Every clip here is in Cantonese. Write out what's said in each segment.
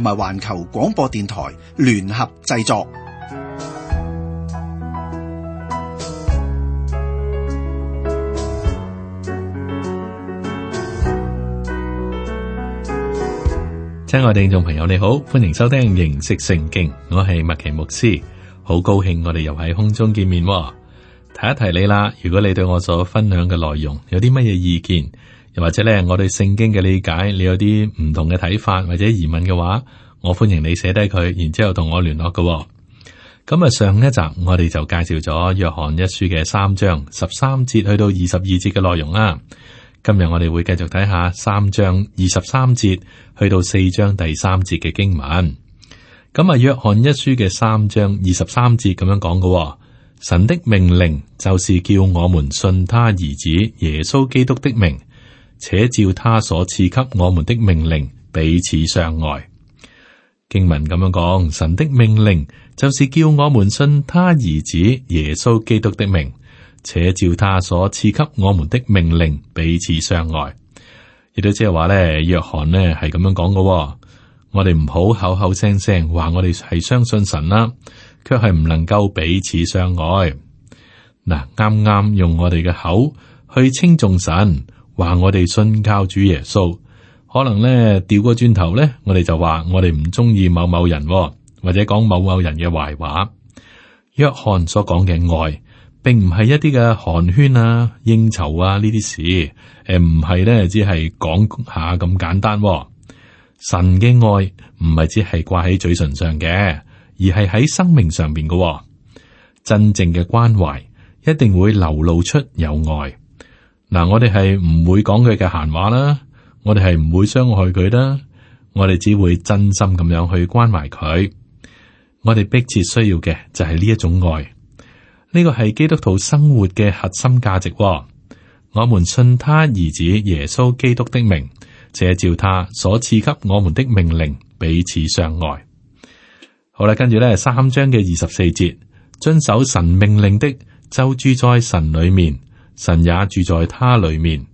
同埋環球廣播電台聯合製作。親愛的聽眾朋友，你好，歡迎收聽認識聖經，我係麥奇牧師，好高興我哋又喺空中見面。提一提你啦，如果你對我所分享嘅內容有啲乜嘢意見，或者咧，我對聖經嘅理解，你有啲唔同嘅睇法或者疑問嘅話，我歡迎你寫低佢，然之後同我聯絡嘅、哦。咁啊，上一集我哋就介紹咗約翰一書嘅三章十三節去到二十二節嘅內容啦。今日我哋會繼續睇下三章二十三節去到四章第三節嘅經文。咁啊，約翰一書嘅三章二十三節咁樣講嘅、哦，神的命令就是叫我們信他兒子耶穌基督的名。且照他所賜給我們的命令彼此相愛。經文咁樣講，神的命令就是叫我們信他兒子耶穌基督的名，且照他所賜給我們的命令彼此相愛。亦都即係話咧，約翰呢係咁樣講嘅。我哋唔好口口聲聲話我哋係相信神啦，卻係唔能夠彼此相愛。嗱，啱啱用我哋嘅口去稱重神。話我哋信靠主耶穌，可能咧掉個轉頭咧，我哋就話我哋唔中意某某人、哦，或者講某某人嘅壞話。約翰所講嘅愛，並唔係一啲嘅寒暄啊、應酬啊呢啲事，誒唔係咧，只係講下咁簡單、哦。神嘅愛唔係只係掛喺嘴唇上嘅，而係喺生命上邊嘅、哦。真正嘅關懷，一定會流露出有愛。嗱，我哋係唔會講佢嘅閒話啦，我哋係唔會傷害佢啦，我哋只會真心咁樣去關懷佢。我哋迫切需要嘅就係呢一種愛，呢個係基督徒生活嘅核心價值。我們信他兒子耶穌基督的名，借照他所賜給我們的命令，彼此相愛。好啦，跟住咧，三章嘅二十四節，遵守神命令的就住在神裏面。神也住在他裏面，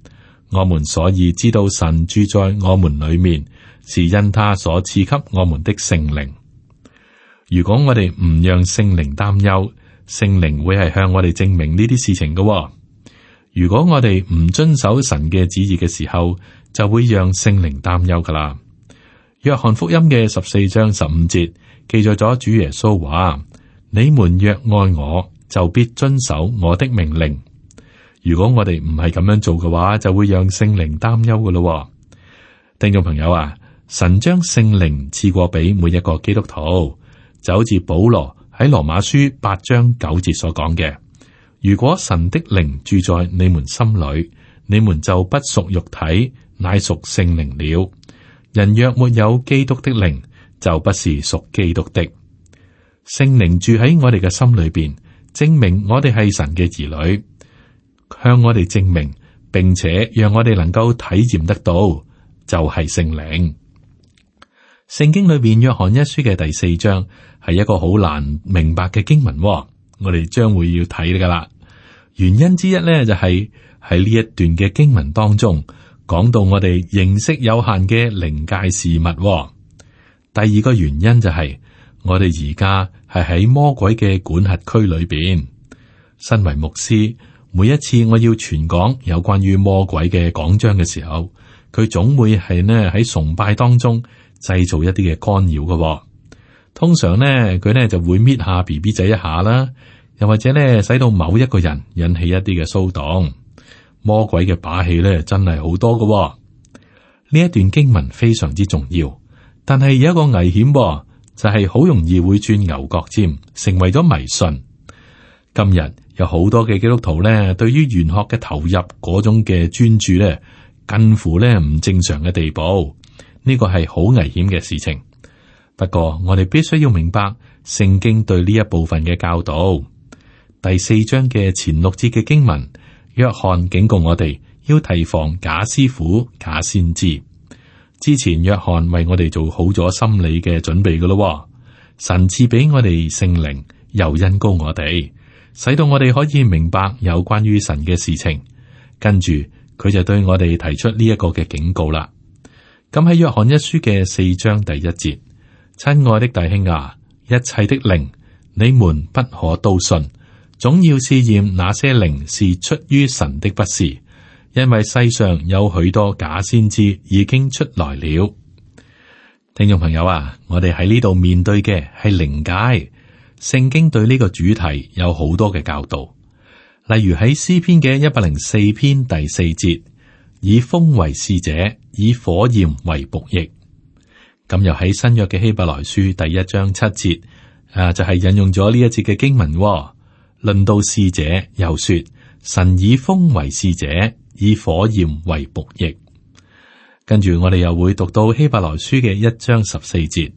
我們所以知道神住在我們裏面，是因他所賜給我們的聖靈。如果我哋唔讓聖靈擔憂，聖靈會係向我哋證明呢啲事情嘅哦。如果我哋唔遵守神嘅旨意嘅時候，就會讓聖靈擔憂噶啦。約翰福音嘅十四章十五節記載咗主耶穌話：你們若愛我，就必遵守我的命令。如果我哋唔係咁樣做嘅話，就會讓聖靈擔憂噶咯哦。聽眾朋友啊，神將聖靈賜過俾每一個基督徒，就好似保羅喺羅馬書八章九節所講嘅：如果神的靈住在你們心裏，你們就不屬肉體，乃屬聖靈了。人若沒有基督的靈，就不是屬基督的。聖靈住喺我哋嘅心裏邊，證明我哋係神嘅兒女。向我哋證明，並且讓我哋能夠體驗得到，就係聖靈。聖經裏邊《約翰一書》嘅第四章係一個好難明白嘅經文、喎，我哋將會要睇噶啦。原因之一咧，就係喺呢一段嘅經文當中，講到我哋認識有限嘅靈界事物、喎。第二個原因就係、是、我哋而家係喺魔鬼嘅管轄區裏邊，身為牧師。每一次我要全港有關於魔鬼嘅講章嘅時候，佢總會係呢喺崇拜當中製造一啲嘅干擾嘅、哦。通常呢佢呢就會搣下 B B 仔一下啦，又或者呢使到某一個人引起一啲嘅騷動。魔鬼嘅把戲呢真係好多嘅、哦。呢一段經文非常之重要，但係有一個危險、哦，就係、是、好容易會鑽牛角尖，成為咗迷信。今日。有好多嘅基督徒咧，對於玄學嘅投入嗰種嘅專注咧，近乎咧唔正常嘅地步。呢個係好危險嘅事情。不過我哋必須要明白聖經對呢一部分嘅教導。第四章嘅前六節嘅經文，約翰警告我哋要提防假師傅、假先知。之前約翰為我哋做好咗心理嘅準備嘅咯。神賜俾我哋聖靈，又恩膏我哋。使到我哋可以明白有關於神嘅事情，跟住佢就對我哋提出呢一個嘅警告啦。咁喺約翰一書嘅四章第一節，親愛的弟兄啊，一切的靈，你們不可都信，總要試驗那些靈是出於神的，不是，因為世上有許多假先知已經出來了。聽眾朋友啊，我哋喺呢度面對嘅係靈界。聖經對呢個主題有好多嘅教導，例如喺詩篇嘅一百零四篇第四節，以風為使者，以火焰為僕役。咁又喺新約嘅希伯來書第一章七節，啊就係、是、引用咗呢一節嘅經文，哦，論到使者，又說神以風為使者，以火焰為僕役。跟住我哋又會讀到希伯來書嘅一章十四節，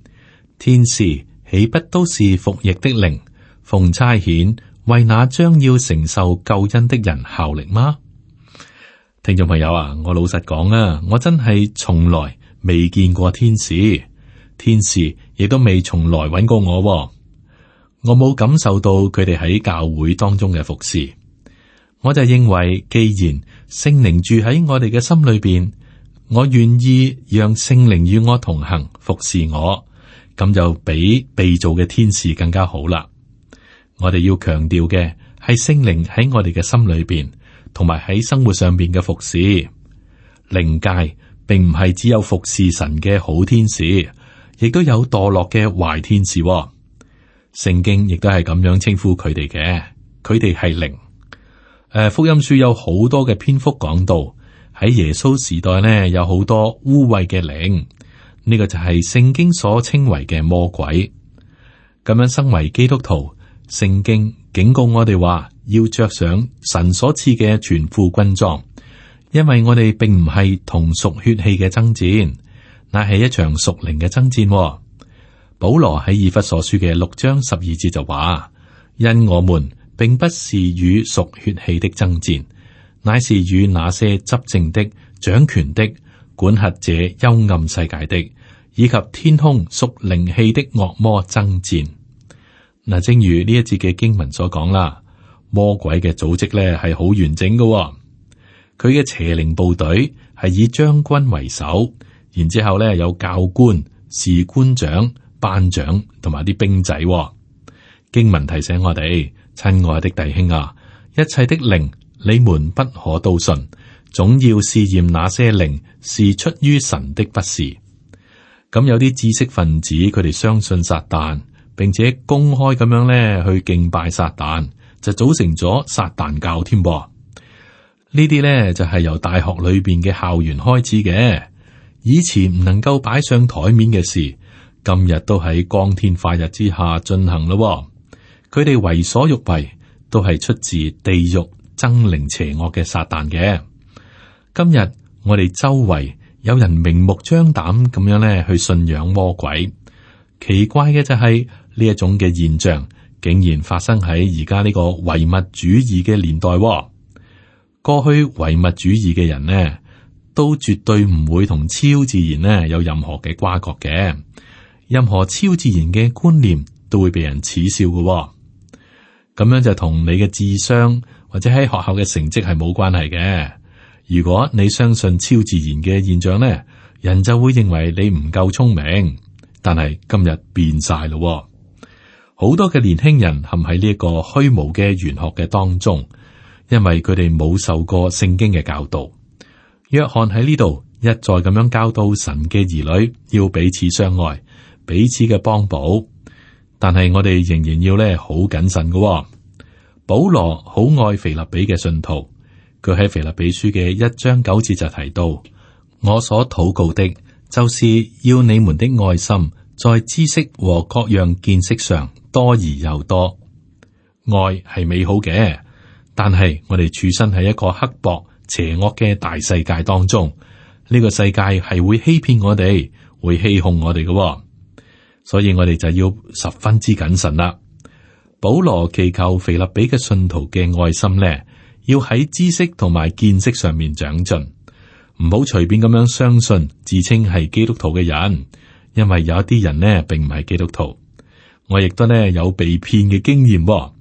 天使，豈不都是服役的靈，奉差遣為那將要承受救恩的人效力嗎？聽眾朋友啊，我老實講啊，我真係從來未見過天使，天使亦都未從來揾過我，哦，我冇感受到佢哋喺教會當中嘅服侍。我就認為，既然聖靈住喺我哋嘅心裏邊，我願意讓聖靈與我同行，服侍我。咁就比被造嘅天使更加好啦。我哋要強調嘅係聖靈喺我哋嘅心裏邊，同埋喺生活上邊嘅服侍。靈界並唔係只有服侍神嘅好天使，亦都有墮落嘅壞天使。聖經亦都係咁樣稱呼佢哋嘅，佢哋係靈。誒，福音書有好多嘅篇幅講到喺耶穌時代呢，有好多污穢嘅靈。呢個就係聖經所稱為嘅魔鬼。咁樣，身為基督徒，聖經警告我哋話要着上神所賜嘅全副軍裝，因為我哋並唔係同屬血氣嘅爭戰，乃係一場屬靈嘅爭戰。保羅喺以弗所書嘅六章十二節就話：因我們並不是與屬血氣的爭戰，乃是與那些執政的、掌權的、管轄這幽暗世界的。以及天空屬靈氣的惡魔爭戰。嗱，正如呢一節嘅經文所講啦，魔鬼嘅組織咧係好完整噶，佢嘅邪靈部隊係以將軍為首，然之後咧有教官、士官長、班長同埋啲兵仔。經文提醒我哋，親愛的弟兄啊，一切的靈，你們不可都信，總要試驗那些靈是出於神的，不是。咁有啲知識分子，佢哋相信撒旦，並且公開咁樣咧去敬拜撒旦，就組成咗撒旦教添噃。呢啲咧就係由大學裏邊嘅校園開始嘅。以前唔能夠擺上台面嘅事，今日都喺光天化日之下進行咯。佢哋為所欲為，都係出自地獄猙獰邪惡嘅撒旦嘅。今日我哋周圍有人明目張膽咁樣咧去信仰魔鬼，奇怪嘅就係呢一種嘅現象，竟然發生喺而家呢個唯物主義嘅年代。過去唯物主義嘅人呢，都絕對唔會同超自然呢有任何嘅瓜葛嘅，任何超自然嘅觀念都會被人恥笑嘅。咁樣就同你嘅智商或者喺學校嘅成績係冇關係嘅。如果你相信超自然嘅現象咧，人就會認為你唔夠聰明。但係今日變晒咯，好多嘅年輕人陷喺呢一個虛無嘅玄學嘅當中，因為佢哋冇受過聖經嘅教導。約翰喺呢度一再咁樣教導神嘅兒女要彼此相愛、彼此嘅幫補。但係我哋仍然要咧好謹慎嘅。保羅好愛腓立比嘅信徒。佢喺腓立比書嘅一章九節就提到：我所禱告的，就是要你們的愛心在知識和各樣見識上多而又多。愛係美好嘅，但係我哋處身喺一個刻薄邪惡嘅大世界當中，呢、這個世界係會欺騙我哋，會欺哄我哋嘅、哦，所以我哋就要十分之謹慎啦。保羅祈求腓立比嘅信徒嘅愛心咧。要喺知識同埋見識上面長進，唔好隨便咁樣相信自稱係基督徒嘅人，因為有一啲人呢並唔係基督徒。我亦都呢有被騙嘅經驗，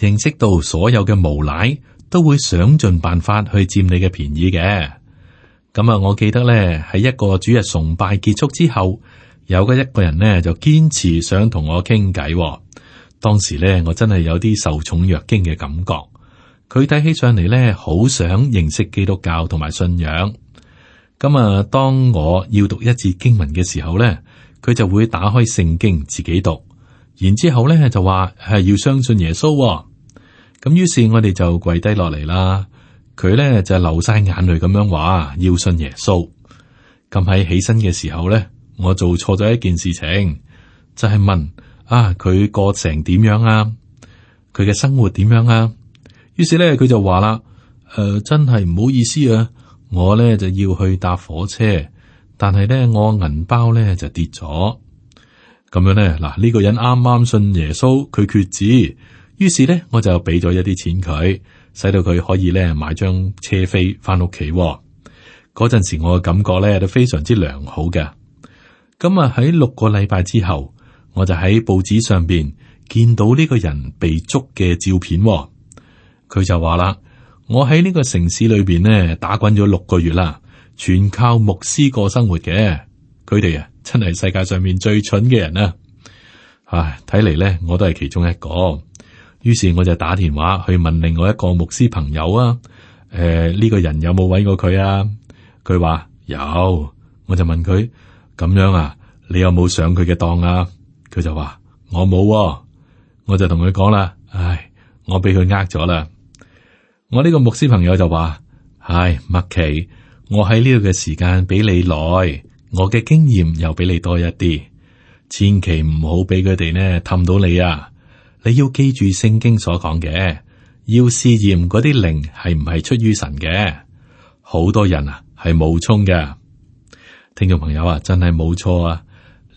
認識到所有嘅無賴都會想盡辦法去佔你嘅便宜嘅。咁啊，我記得呢喺一個主日崇拜結束之後，有嘅一個人呢就堅持想同我傾偈，當時呢，我真係有啲受寵若驚嘅感覺。佢睇起上嚟咧，好想認識基督教同埋信仰。咁啊，當我要讀一字經文嘅時候咧，佢就會打開聖經自己讀。然之後咧就話係要相信耶穌。咁於是我哋就跪低落嚟啦。佢咧就流晒眼淚咁樣話要信耶穌。咁喺起身嘅時候咧，我做錯咗一件事情，就係問啊佢過成點樣啊？佢嘅生活點樣啊？於是咧，佢就話啦，誒，真係唔好意思啊，我咧就要去搭火車，但係咧我銀包咧就跌咗。咁樣咧，嗱、這、呢個人啱啱信耶穌，佢決志，於是咧我就俾咗一啲錢佢，使到佢可以咧買張車飛翻屋企。嗰、哦、陣時我嘅感覺咧都非常之良好嘅。咁啊，喺六個禮拜之後，我就喺報紙上邊見到呢個人被捉嘅照片。哦佢就話啦，我喺呢個城市裏邊呢，打滾咗六個月啦，全靠牧師過生活嘅。佢哋啊，真係世界上面最蠢嘅人啊！唉，睇嚟咧，我都係其中一個。於是我就打電話去問另外一個牧師朋友啊，誒、呃、呢、這個人有冇搵過佢啊？佢話有，我就問佢咁樣啊，你有冇上佢嘅當啊？佢就話我冇。啊，我就同佢講啦，唉，我俾佢呃咗啦。我呢個牧師朋友就話：唉，麥琪，我喺呢度嘅時間比你耐，我嘅經驗又比你多一啲，千祈唔好俾佢哋呢氹到你啊！你要記住聖經所講嘅，要試驗嗰啲靈係唔係出於神嘅，好多人啊係冒充嘅。聽眾朋友啊，真係冇錯啊！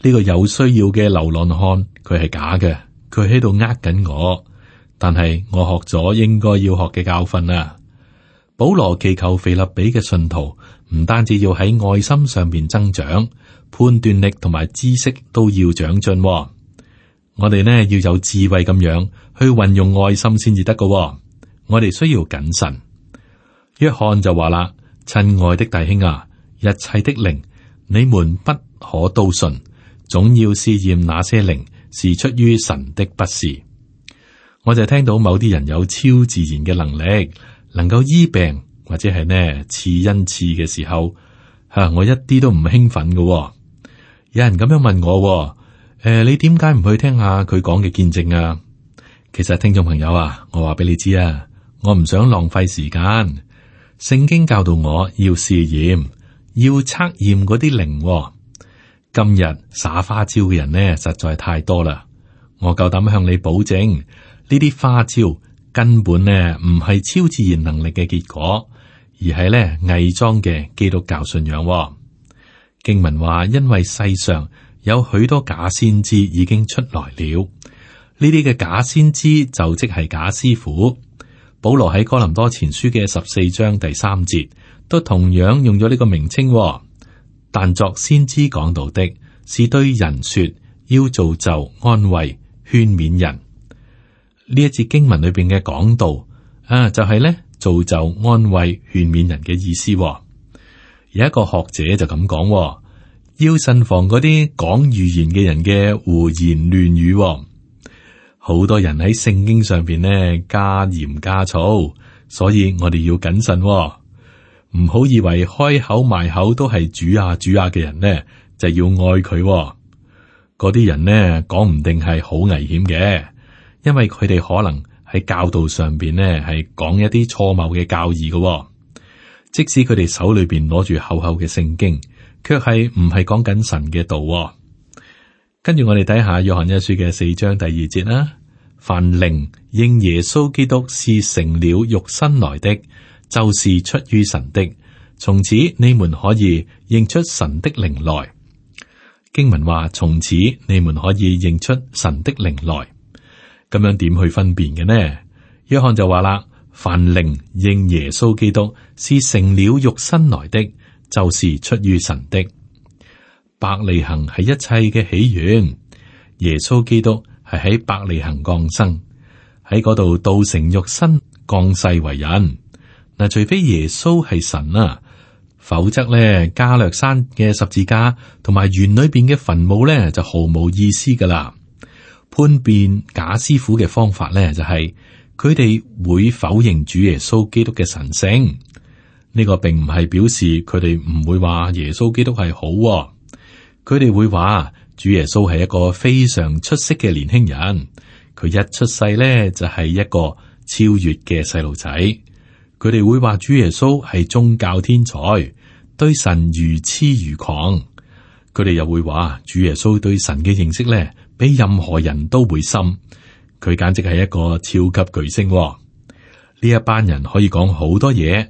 呢個有需要嘅流浪漢，佢係假嘅，佢喺度呃緊我。但係我學咗應該要學嘅教訓啊。保羅祈求腓立比嘅信徒，唔單止要喺愛心上邊增長，判斷力同埋知識都要長進，哦。我哋呢要有智慧咁樣去運用愛心先至得嘅。我哋需要謹慎。約翰就話啦，親愛的弟兄啊，一切的靈，你們不可都信，總要試驗那些靈是出於神的，不是。我就聽到某啲人有超自然嘅能力，能夠醫病或者係呢次恩賜嘅時候，吓、啊、我一啲都唔興奮嘅、哦。有人咁樣問我、哦，誒、呃，你點解唔去聽下佢講嘅見證啊？其實聽眾朋友啊，我話俾你知啊，我唔想浪費時間。聖經教導我要試驗，要測驗嗰啲靈。今日耍花招嘅人呢，實在太多啦。我夠膽向你保證。呢啲花招根本呢唔係超自然能力嘅結果，而係咧偽裝嘅基督教信仰。經文話，因為世上有許多假先知已經出來了，呢啲嘅假先知就即係假師傅。保羅喺哥林多前書嘅十四章第三節都同樣用咗呢個名稱。但作先知講道的是對人說，要造就安慰勸勉人。呢一節經文裏邊嘅講道啊，就係、是、咧造就安慰勸勉人嘅意思、喎。有一個學者就咁講、喎：要慎防嗰啲講預言嘅人嘅胡言亂語、哦。好多人喺聖經上邊呢加鹽加醋，所以我哋要謹慎、喎，唔好以為開口埋口都係主啊主啊嘅、啊、人呢，就要愛佢、喎。嗰啲人呢講唔定係好危險嘅。因為佢哋可能喺教導上邊咧，係講一啲錯謬嘅教義嘅、哦。即使佢哋手裏邊攞住厚厚嘅聖經，卻係唔係講緊神嘅道、哦。跟住我哋睇下約翰一書嘅四章第二節啦、啊。凡靈認耶穌基督是成了肉身來的，就是出於神的。從此你們可以認出神的靈來。經文話：從此你們可以認出神的靈來。咁樣點去分辨嘅呢？約翰就話啦：凡靈認耶穌基督是成了肉身來的，就是出於神的。伯利恒係一切嘅起源，耶穌基督係喺伯利恒降生，喺嗰度道成肉身降世為人。嗱，除非耶穌係神啊，否則咧加略山嘅十字架同埋園裏邊嘅墳墓咧，就毫無意思噶啦。判辨假師傅嘅方法呢，就係佢哋會否認主耶穌基督嘅神聖。呢個並唔係表示佢哋唔會話耶穌基督係好啊，佢哋會話主耶穌係一個非常出色嘅年輕人。佢一出世呢，就係一個超越嘅細路仔。佢哋會話主耶穌係宗教天才，對神如痴如狂。佢哋又會話，主耶穌對神嘅認識咧，比任何人都會深。佢簡直係一個超級巨星喎。呢一班人可以講好多嘢，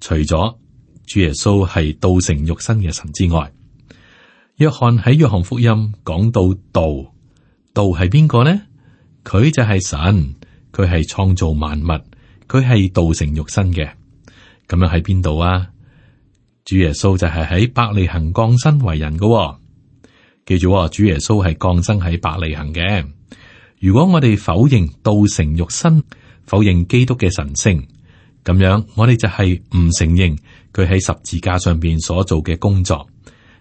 除咗主耶穌係道成肉身嘅神之外，約翰喺約翰福音講到道，道係邊個呢？佢就係神，佢係創造萬物，佢係道成肉身嘅。咁樣喺邊度啊？主耶穌就係喺百利行降生為人嘅。哦，記住、哦，主耶穌係降生喺百利行嘅。如果我哋否認道成肉身，否認基督嘅神聖，咁樣我哋就係唔承認佢喺十字架上邊所做嘅工作，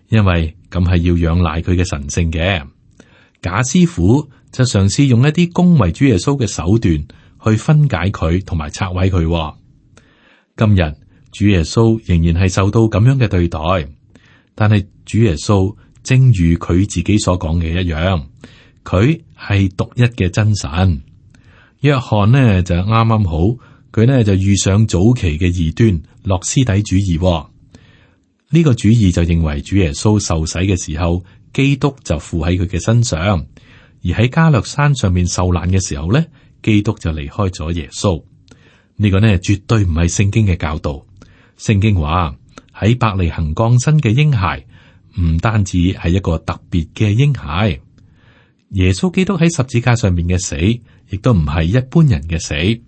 因為咁係要仰賴佢嘅神聖嘅。假師傅就嘗試用一啲恭維主耶穌嘅手段去分解佢同埋拆毀佢。今日。主耶穌仍然係受到咁樣嘅對待，但係主耶穌正如佢自己所講嘅一樣，佢係獨一嘅真神。約翰呢就啱啱好，佢呢就遇上早期嘅異端諾斯底主義、哦，呢、呢個主義就認為主耶穌受洗嘅時候，基督就附喺佢嘅身上，而喺加略山上面受難嘅時候呢，基督就離開咗耶穌。呢、呢個呢絕對唔係聖經嘅教導。聖經話喺伯利恆降生嘅嬰孩唔單止係一個特別嘅嬰孩，耶穌基督喺十字架上面嘅死，亦都唔係一般人嘅死。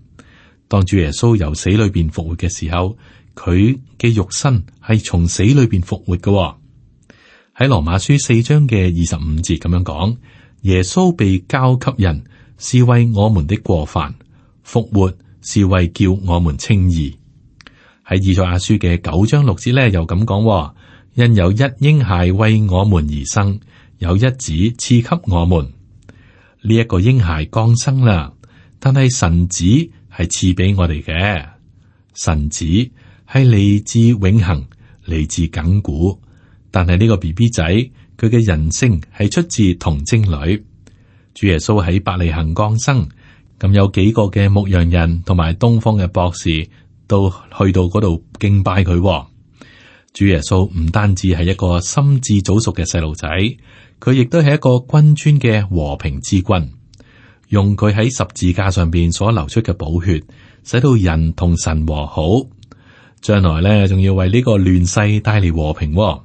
當主耶穌由死裏邊復活嘅時候，佢嘅肉身係從死裏邊復活嘅、哦。喺羅馬書四章嘅二十五節咁樣講，耶穌被交給人，是為我們的過犯，復活，是為叫我們稱義。喺《以賽亞書》嘅九章六節咧，又咁講、哦：因有一嬰孩為我們而生，有一子賜給我們。呢、這、一個嬰孩降生啦，但係神子係賜俾我哋嘅。神子係嚟自永恆，嚟自緊古，但係呢個 B B 仔佢嘅人性係出自童貞女。主耶穌喺伯利恆降生，咁有幾個嘅牧羊人同埋東方嘅博士。到去到嗰度敬拜佢、哦，主耶穌唔單止係一個心智早熟嘅細路仔，佢亦都係一個君尊嘅和平之君。用佢喺十字架上邊所流出嘅寶血，使到人同神和好，將來咧仲要為呢個亂世帶嚟和平、哦。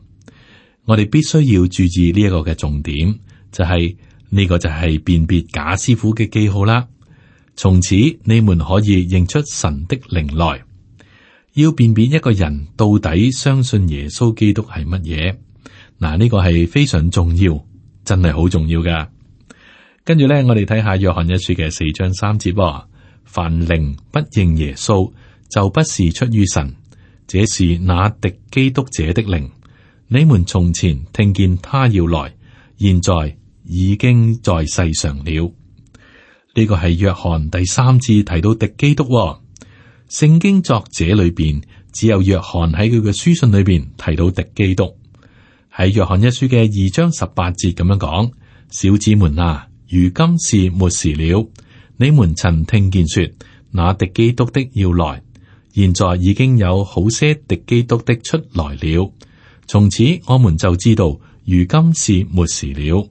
我哋必須要注意呢一個嘅重點，就係、是、呢、這個就係辨別假師傅嘅記號啦。從此你們可以認出神的靈來。要辨別一個人到底相信耶穌基督係乜嘢，嗱、這、呢個係非常重要，真係好重要噶。跟住咧，我哋睇下約翰一書嘅四章三節、喎：凡靈不認耶穌，就不是出於神，這是那敵基督者的靈。你們從前聽見他要來，現在已經在世上了。呢、這個係約翰第三次提到敵基督、喎。聖經作者裏邊只有約翰喺佢嘅書信裏邊提到敵基督。喺約翰一書嘅二章十八節咁樣講：「小子們啊，如今是末時了。你們曾聽見說，那敵基督的要來，現在已經有好些敵基督的出來了。從此我們就知道，如今是末時了。」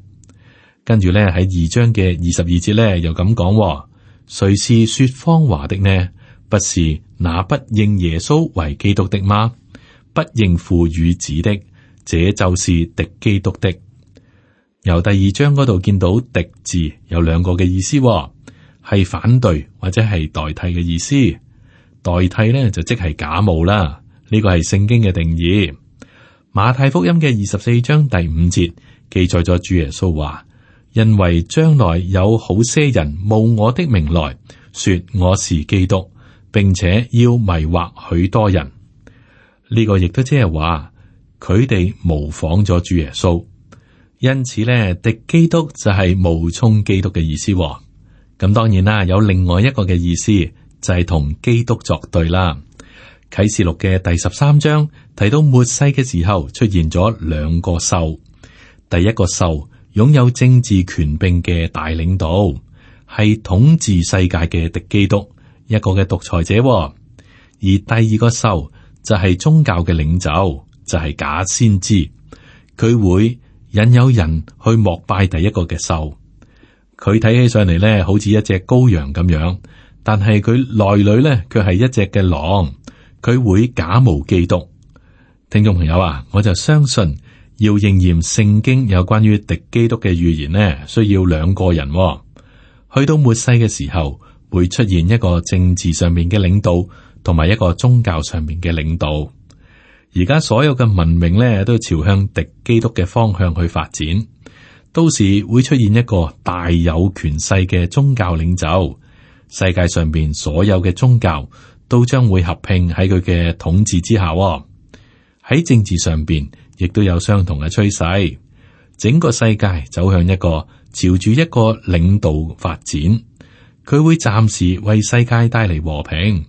跟住咧喺二章嘅二十二節咧，又咁講：「誰是說謊話的呢？」不是那不認耶穌為基督的嗎？不認父與子的，這就是敵基督的。由第二章嗰度見到“敵”字有兩個嘅意思、哦，係反對或者係代替嘅意思。代替呢，就即係假冒啦。呢、這個係聖經嘅定義。馬太福音嘅二十四章第五節記載咗主耶穌話：因為將來有好些人冒我的名來說我是基督，並且要迷惑許多人，呢、這個亦都即係話佢哋模仿咗主耶穌，因此咧敵基督就係冒充基督嘅意思。咁當然啦，有另外一個嘅意思就係、是、同基督作對啦。啟示錄嘅第十三章提到末世嘅時候出現咗兩個獸，第一個獸擁有政治權柄嘅大領導，係統治世界嘅敵基督。一個嘅獨裁者、哦，而第二個獸就係宗教嘅領袖，就係、是、假先知，佢會引誘人去膜拜第一個嘅獸。佢睇起上嚟咧，好似一隻羔羊咁樣，但係佢內裏咧，佢係一隻嘅狼。佢會假冒基督。聽眾朋友啊，我就相信要應驗聖經有關於敵基督嘅預言呢，需要兩個人、哦、去到末世嘅時候。會出現一個政治上面嘅領導，同埋一個宗教上面嘅領導。而家所有嘅文明咧，都朝向敵基督嘅方向去發展，到時會出現一個大有權勢嘅宗教領袖。世界上邊所有嘅宗教都將會合併喺佢嘅統治之下喎。喺政治上邊，亦都有相同嘅趨勢，整個世界走向一個朝住一個領導發展。佢會暫時為世界帶嚟和平，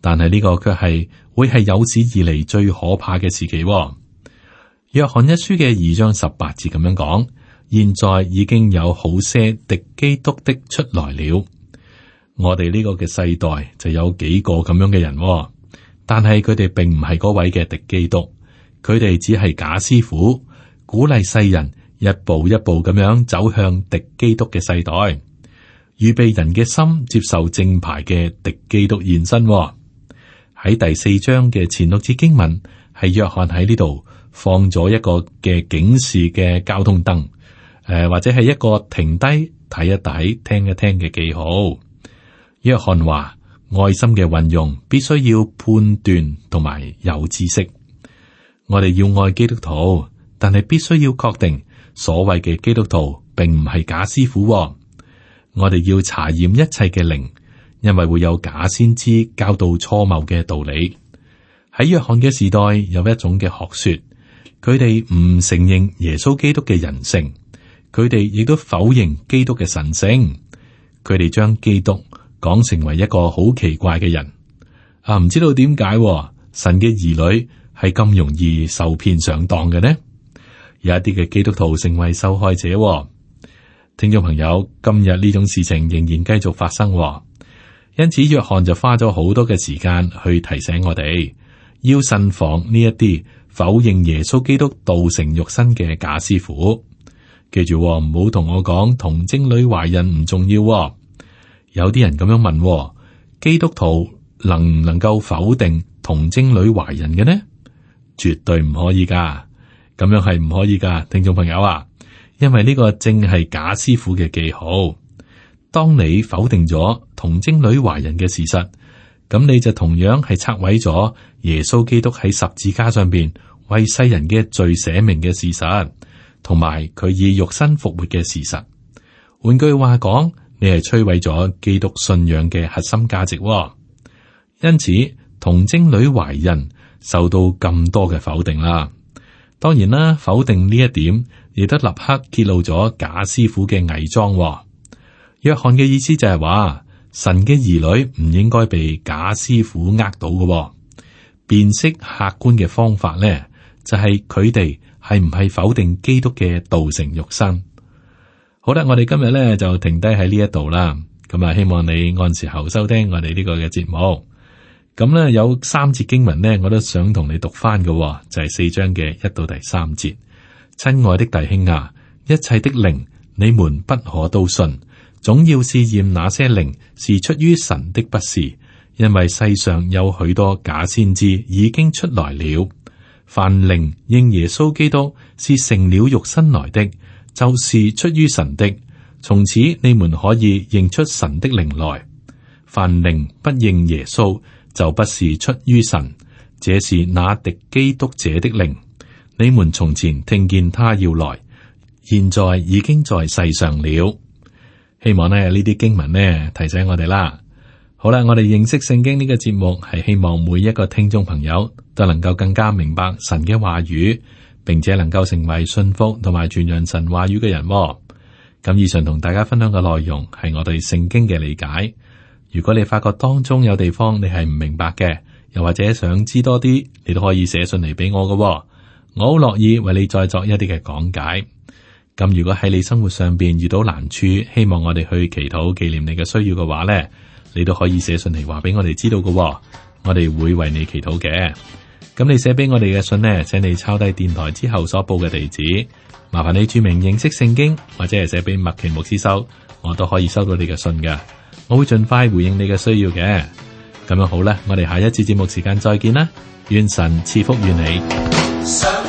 但係呢個卻係會係有史以嚟最可怕嘅時期，哦。約翰一書嘅二章十八字咁樣講：現在已經有好些敵基督的出來了。我哋呢個嘅世代就有幾個咁樣嘅人，哦，但係佢哋並唔係嗰位嘅敵基督，佢哋只係假師傅，鼓勵世人一步一步咁樣走向敵基督嘅世代。預備人嘅心接受正牌嘅敵基督現身喎。喺第四章嘅前六節經文係約翰喺呢度放咗一個嘅警示嘅交通燈，誒、呃、或者係一個停低睇一睇聽一聽嘅記號。約翰話愛心嘅運用必須要判斷同埋有知識。我哋要愛基督徒，但係必須要確定所謂嘅基督徒並唔係假師傅、哦。我哋要查驗一切嘅靈，因為會有假先知教導錯謬嘅道理。喺約翰嘅時代，有一種嘅學說，佢哋唔承認耶穌基督嘅人性，佢哋亦都否認基督嘅神聖，佢哋將基督講成為一個好奇怪嘅人。啊，唔知道點解、啊、神嘅兒女係咁容易受騙上當嘅呢？有一啲嘅基督徒成為受害者、啊。聽眾朋友，今日呢種事情仍然繼續發生，哦，因此約翰就花咗好多嘅時間去提醒我哋，要慎防呢一啲否認耶穌基督道成肉身嘅假師傅。記住唔好同我講童貞女懷孕唔重要，哦，有啲人咁樣問，哦，基督徒能唔能夠否定童貞女懷孕嘅呢？絕對唔可以噶，咁樣係唔可以噶，聽眾朋友啊。因為呢個正係假師傅嘅記號。當你否定咗童貞女懷孕嘅事實，咁你就同樣係拆毀咗耶穌基督喺十字架上邊為世人嘅罪寫明嘅事實，同埋佢以肉身復活嘅事實。換句話講，你係摧毀咗基督信仰嘅核心價值喎。因此，童貞女懷孕受到咁多嘅否定啦。當然啦，否定呢一點，亦都立刻揭露咗假師傅嘅偽裝，哦。約翰嘅意思就係話，神嘅兒女唔應該被假師傅呃到嘅，哦。辨識客觀嘅方法咧，就係佢哋係唔係否定基督嘅道成肉身。好啦，我哋今日咧就停低喺呢一度啦。咁啊，希望你按時候收聽我哋呢個嘅節目。咁咧有三節經文咧，我都想同你讀翻，嘅就係、是、四章嘅一到第三節。親愛的弟兄啊，一切的靈你們不可都信，總要試驗那些靈是出於神的，不是，因為世上有許多假先知已經出來了。凡靈認耶穌基督是成了肉身來的，就是出於神的。從此你們可以認出神的靈來。凡靈不認耶穌，就不是出於神，這是那敵基督者的靈。你們從前聽見他要來，現在已經在世上了。希望呢呢啲經文呢，提醒我哋啦。好啦，我哋認識聖經呢個節目係希望每一個聽眾朋友都能夠更加明白神嘅話語，並且能夠成為信服同埋傳揚神話語嘅人、哦。咁以上同大家分享嘅內容係我對聖經嘅理解。如果你發覺當中有地方你係唔明白嘅，又或者想知多啲，你都可以寫信嚟俾我噶、哦。我好樂意為你再作一啲嘅講解。咁如果喺你生活上邊遇到難處，希望我哋去祈禱紀念你嘅需要嘅話呢，你都可以寫信嚟話俾我哋知道嘅。我哋會為你祈禱嘅。咁你寫俾我哋嘅信呢，請你抄低電台之後所報嘅地址，麻煩你注明認識聖經或者係寫俾麥奇牧師收，我都可以收到你嘅信嘅。我會盡快回應你嘅需要嘅。咁樣好啦，我哋下一次節目時間再見啦，願神賜福與你。